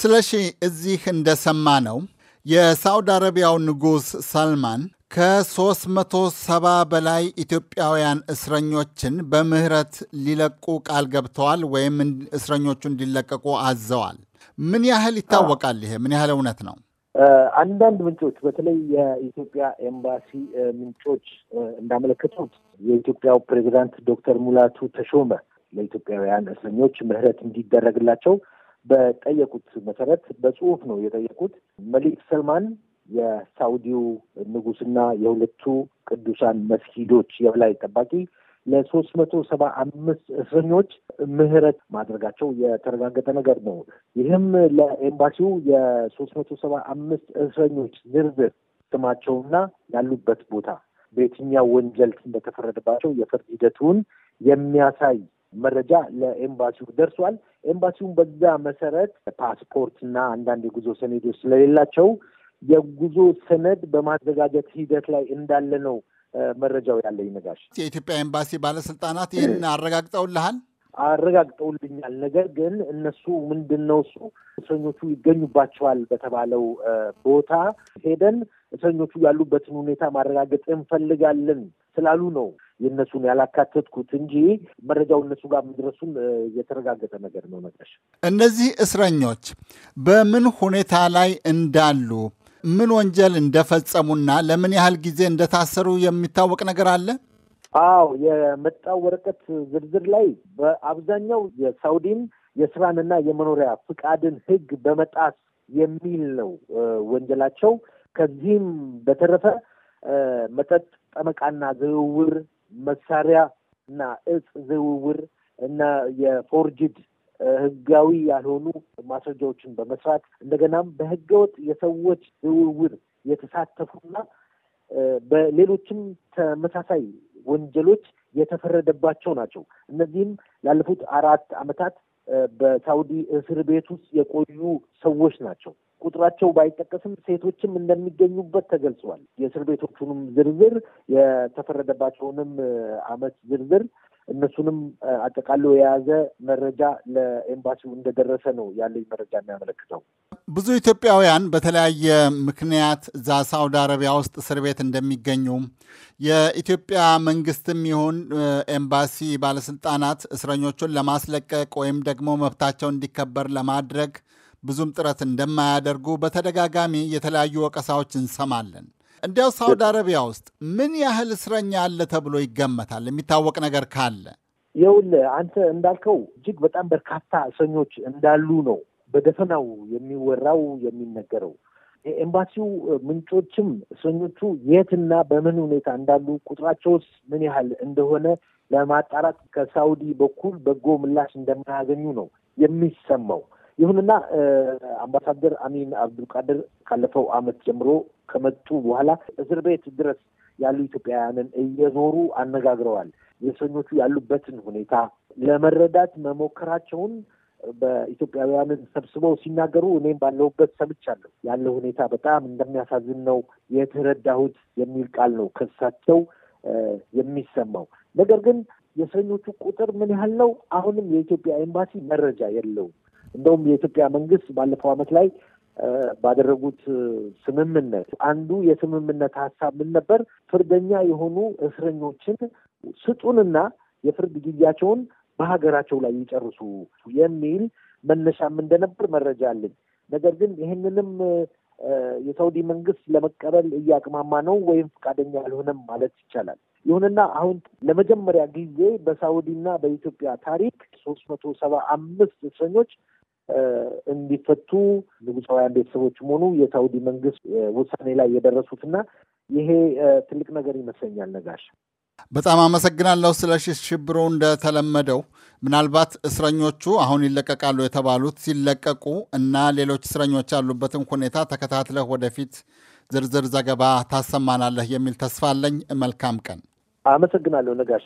ስለሺ እዚህ እንደሰማ ነው የሳውዲ አረቢያው ንጉሥ ሰልማን ከ370 በላይ ኢትዮጵያውያን እስረኞችን በምህረት ሊለቁ ቃል ገብተዋል ወይም እስረኞቹ እንዲለቀቁ አዘዋል። ምን ያህል ይታወቃል? ይሄ ምን ያህል እውነት ነው? አንዳንድ ምንጮች በተለይ የኢትዮጵያ ኤምባሲ ምንጮች እንዳመለከቱት የኢትዮጵያው ፕሬዚዳንት ዶክተር ሙላቱ ተሾመ ለኢትዮጵያውያን እስረኞች ምህረት እንዲደረግላቸው በጠየቁት መሰረት በጽሁፍ ነው የጠየቁት። መሊክ ሰልማን የሳውዲው ንጉስና የሁለቱ ቅዱሳን መስጊዶች የበላይ ጠባቂ ለሶስት መቶ ሰባ አምስት እስረኞች ምህረት ማድረጋቸው የተረጋገጠ ነገር ነው። ይህም ለኤምባሲው የሶስት መቶ ሰባ አምስት እስረኞች ዝርዝር ስማቸውና ያሉበት ቦታ በየትኛው ወንጀል እንደተፈረደባቸው የፍርድ ሂደቱን የሚያሳይ መረጃ ለኤምባሲው ደርሷል። ኤምባሲውን በዛ መሰረት ፓስፖርትና አንዳንድ የጉዞ ሰነዶች ስለሌላቸው የጉዞ ሰነድ በማዘጋጀት ሂደት ላይ እንዳለ ነው መረጃው ያለኝ። ነጋሽ፣ የኢትዮጵያ ኤምባሲ ባለስልጣናት ይህን አረጋግጠውልሃል? አረጋግጠውልኛል። ነገር ግን እነሱ ምንድን ነው እሱ እስረኞቹ ይገኙባቸዋል በተባለው ቦታ ሄደን እስረኞቹ ያሉበትን ሁኔታ ማረጋገጥ እንፈልጋለን ስላሉ ነው የእነሱን ያላካተትኩት እንጂ መረጃው እነሱ ጋር መድረሱን የተረጋገጠ ነገር ነው። መቅረሽ እነዚህ እስረኞች በምን ሁኔታ ላይ እንዳሉ ምን ወንጀል እንደፈጸሙና ለምን ያህል ጊዜ እንደታሰሩ የሚታወቅ ነገር አለ? አዎ፣ የመጣው ወረቀት ዝርዝር ላይ በአብዛኛው የሳውዲን የስራንና የመኖሪያ ፍቃድን ሕግ በመጣስ የሚል ነው ወንጀላቸው። ከዚህም በተረፈ መጠጥ ጠመቃና ዝውውር፣ መሳሪያ እና እጽ ዝውውር እና የፎርጅድ ህጋዊ ያልሆኑ ማስረጃዎችን በመስራት እንደገናም በህገወጥ የሰዎች ዝውውር የተሳተፉና በሌሎችም ተመሳሳይ ወንጀሎች የተፈረደባቸው ናቸው። እነዚህም ላለፉት አራት ዓመታት በሳውዲ እስር ቤት ውስጥ የቆዩ ሰዎች ናቸው። ቁጥራቸው ባይጠቀስም ሴቶችም እንደሚገኙበት ተገልጿል። የእስር ቤቶቹንም ዝርዝር የተፈረደባቸውንም አመት ዝርዝር እነሱንም አጠቃሎ የያዘ መረጃ ለኤምባሲው እንደደረሰ ነው ያለኝ መረጃ የሚያመለክተው። ብዙ ኢትዮጵያውያን በተለያየ ምክንያት እዛ ሳውዲ አረቢያ ውስጥ እስር ቤት እንደሚገኙ የኢትዮጵያ መንግስትም ይሁን ኤምባሲ ባለስልጣናት እስረኞቹን ለማስለቀቅ ወይም ደግሞ መብታቸው እንዲከበር ለማድረግ ብዙም ጥረት እንደማያደርጉ በተደጋጋሚ የተለያዩ ወቀሳዎች እንሰማለን። እንዲያው ሳውዲ አረቢያ ውስጥ ምን ያህል እስረኛ አለ ተብሎ ይገመታል? የሚታወቅ ነገር ካለ የውል አንተ እንዳልከው እጅግ በጣም በርካታ እስረኞች እንዳሉ ነው በደፈናው የሚወራው የሚነገረው። የኤምባሲው ምንጮችም እስረኞቹ የትና በምን ሁኔታ እንዳሉ ቁጥራቸውስ ምን ያህል እንደሆነ ለማጣራት ከሳውዲ በኩል በጎ ምላሽ እንደማያገኙ ነው የሚሰማው። ይሁንና አምባሳደር አሚን አብዱልቃድር ካለፈው አመት ጀምሮ ከመጡ በኋላ እስር ቤት ድረስ ያሉ ኢትዮጵያውያንን እየዞሩ አነጋግረዋል። የእስረኞቹ ያሉበትን ሁኔታ ለመረዳት መሞከራቸውን በኢትዮጵያውያንን ሰብስበው ሲናገሩ እኔም ባለሁበት ሰምቻለሁ። ያለው ሁኔታ በጣም እንደሚያሳዝን ነው የተረዳሁት የሚል ቃል ነው ከሳቸው የሚሰማው። ነገር ግን የእስረኞቹ ቁጥር ምን ያህል ነው? አሁንም የኢትዮጵያ ኤምባሲ መረጃ የለውም። እንደውም የኢትዮጵያ መንግስት ባለፈው ዓመት ላይ ባደረጉት ስምምነት አንዱ የስምምነት ሀሳብ ምን ነበር? ፍርደኛ የሆኑ እስረኞችን ስጡንና የፍርድ ጊዜያቸውን በሀገራቸው ላይ ይጨርሱ የሚል መነሻም እንደነበር መረጃ አለኝ። ነገር ግን ይህንንም የሳውዲ መንግስት ለመቀበል እያቅማማ ነው ወይም ፈቃደኛ አልሆነም ማለት ይቻላል። ይሁንና አሁን ለመጀመሪያ ጊዜ በሳውዲና በኢትዮጵያ ታሪክ ሶስት መቶ ሰባ አምስት እስረኞች እንዲፈቱ ንጉሳውያን ቤተሰቦችም ሆኑ የሳውዲ መንግስት ውሳኔ ላይ የደረሱትና ይሄ ትልቅ ነገር ይመስለኛል። ነጋሽ በጣም አመሰግናለሁ ስለ ሽብሮ። እንደተለመደው ምናልባት እስረኞቹ አሁን ይለቀቃሉ የተባሉት ሲለቀቁ እና ሌሎች እስረኞች ያሉበትን ሁኔታ ተከታትለህ ወደፊት ዝርዝር ዘገባ ታሰማናለህ የሚል ተስፋ አለኝ። መልካም ቀን። አመሰግናለሁ ነጋሽ።